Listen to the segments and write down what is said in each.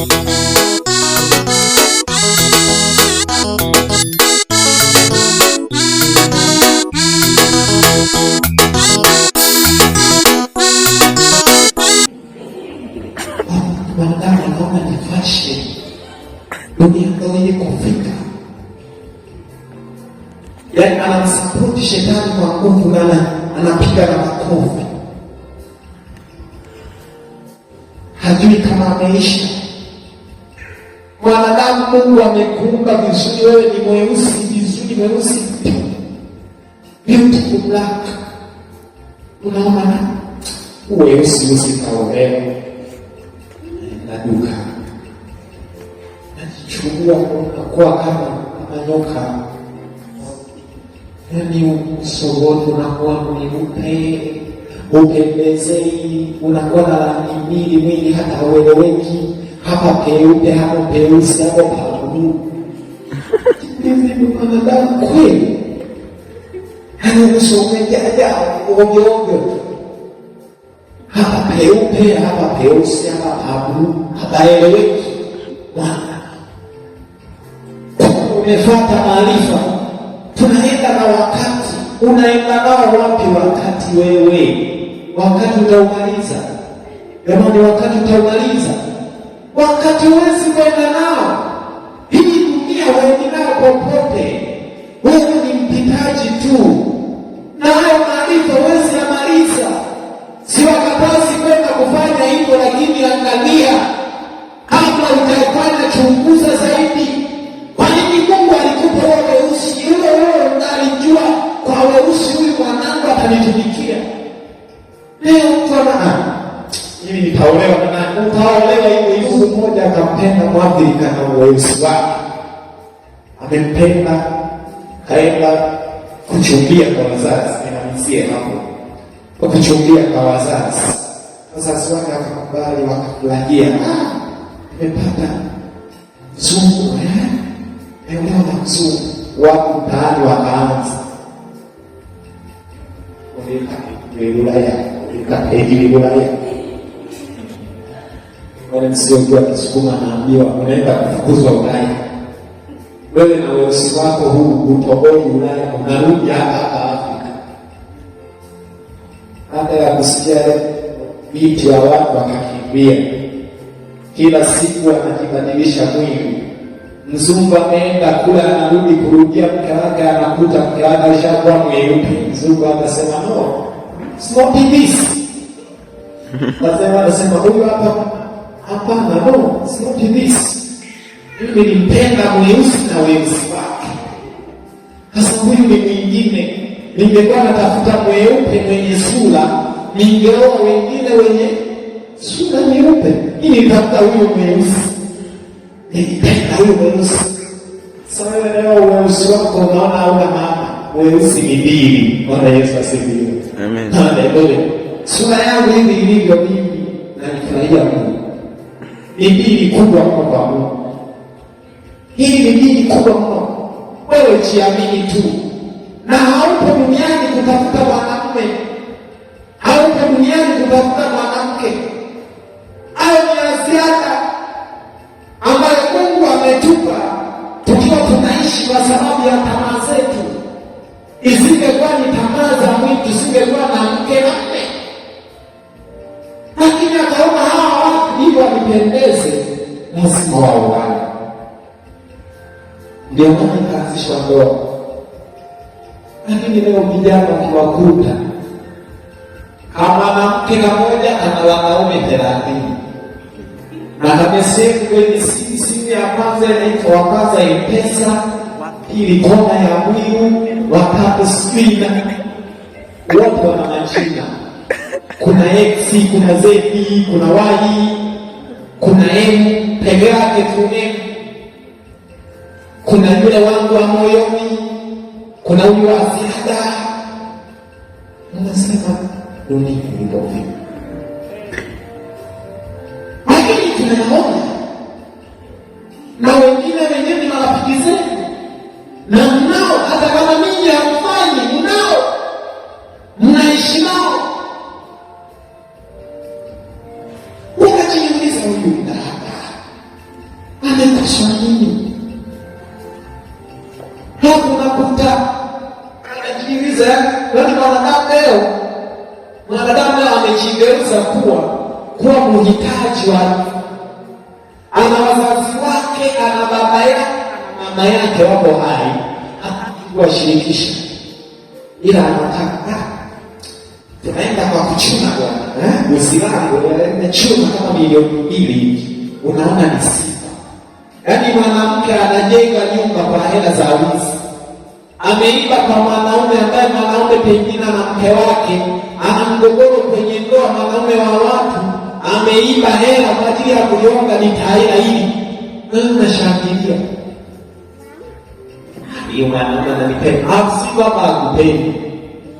wanadamu wanaona ni kufika, yaani anamsapoti shetani kwa nguvu na anapiga na makofi, hajui kama ameisha Mwanadamu, Mungu amekuumba vizuri, wewe ni mweusi vizuri, mweusi beautiful black. Unaona uweusi usikaolewa na duka najichukua, unakuwa kama manyoka, yani usogoto unakuwa mweupe, upendezei, unakuwa na rangi mbili mwili, hata haueleweki hapa peupe, hapo peusi, hapo pagumu. ni mwanadamu kweli? Yaani uso ovyoovyo, hapa peupe, hapa peusi, hapa pagumu, hapaeleweki. Bwana umefata maarifa, tunaenda na wakati. Unaenda nao wapi wakati wewe? Wakati utaumaliza jamani, wakati utaumaliza wakati huwezi kwenda nao, hii dunia huendi nao popote. Wewe ni mpitaji tu, na hayo maarifa huwezi yamaliza. Siwakatazi kwenda kufanya hivyo, lakini angalia, kabla utaifanya, chunguza zaidi. Kwa nini Mungu alikupa wewe weusi yule? Wewe unalijua kwa weusi huyu mwanangu atanitumikia leo, mtu ana Hivi taolewa na nani? Utaolewa hiyo yuzu mmoja akampenda mwadhiri na weusi wake, amempenda kaenda kuchumbia kwa wazazi, ninamzie hapo kwa kuchumbia kwa wazazi. Wazazi wake wakakubali, wakafurahia, amepata mzungu, aelewa na mzungu wako mtaani, wakaanza ulika elula yako ulika elula yako wala sio mtu akisukuma anaambiwa unaenda kufukuzwa Ulaya. Wewe na weusi wako huu utoboi Ulaya, unarudi hapa Afrika. Hata ya kusikia miti ya watu wakakimbia, kila siku anajibadilisha mwili. Mzungu ameenda kula, anarudi kurudia mke wake, anakuta mke wake alishakuwa mweupe. Mzungu anasema no, it's not this. Lazima anasema huyu hapa Hapana, no, it's not this. Mimi nilimpenda mweusi na weusi wake. Sasa huyu ni mwingine, ningekuwa natafuta mweupe mwenye sura, ningeoa wengine wenye sura nyeupe. Mimi nitafuta huyu mweusi, nilipenda huyu mweusi. Sasa wewe leo mweusi wako unaona una mama mweusi ni dini. Bwana Yesu asifiwe, amen. Haleluya. Sura yangu hivi ilivyo mimi, na nifurahia Mungu ni dini kubwa mno kwa Mungu. Hili ni dini kubwa mno. Wewe jiamini tu, na haupo duniani kutafuta mwanamume, haupo duniani kutafuta mwanamke au ya ziada ambayo Mungu ametupa tukiwa tunaishi, kwa sababu ya tamaa zetu. Isingekuwa ni tamaa za mwitu, isingekuwa na mke wapendeze lazima waungane. Ndio maana ikaanzishwa ndoa. Lakini leo vijana ukiwakuta kama mwanamke mmoja ana wanaume thelathini na kama sehemu kwenye simu simu ya kwanza inaitwa wakaza ipesa, pili kona ya mwiu, watatu spina, wote wana majina. Kuna X, kuna Z, kuna Y kuna M peke yake tu M, kuna yule wangu wa moyoni, kuna huyu wa ziada. Nasema dunia ilivyovi, lakini tunaona na wengine wenyewe ni marafiki zetu Ndugu, unakuta najiuliza, yaani mwanadamu leo, mwanadamu leo amejigeuza kuwa kuwa muhitaji wa ana wazazi wake, ana baba yake, ana mama yake wako hai, hataki kuwashirikisha, ila anataka tunaenda kwa kuchuna bwana, eh, usilango eh, nachuma kama milioni mbili, unaona nisi Yaani mwanamke anajenga nyumba kwa hela za wizi, ameiba kwa mwanaume ambaye mwanaume pengine na mke wake ana mgogoro kwenye ndoa, mwanaume wa watu ameiba hela kwa ajili ya kujonga nitahela hili, nashangilia hiyo mwanaume ananipenda,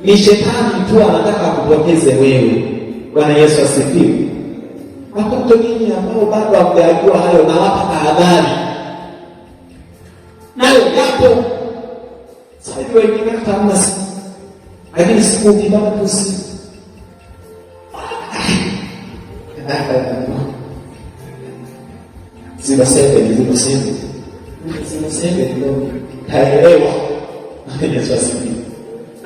ni shetani tu anataka kupoteze wewe. Bwana Yesu asifiwe. Watoto ninyi ambao bado hamjajua hayo, na tahadhari siku wengine hata hamna simu, lakini siku ukibana tu simu zima sebe zima sebe zima sebe ndio taelewa Yesu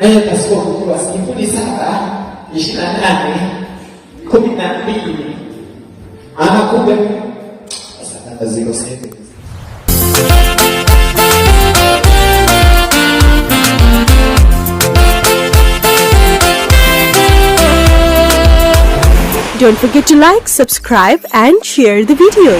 Naye pasipo kujua sifuri saba ishirini na nane kumi na mbili anakuja sasa zima sebe Don't forget to like, subscribe and share the video.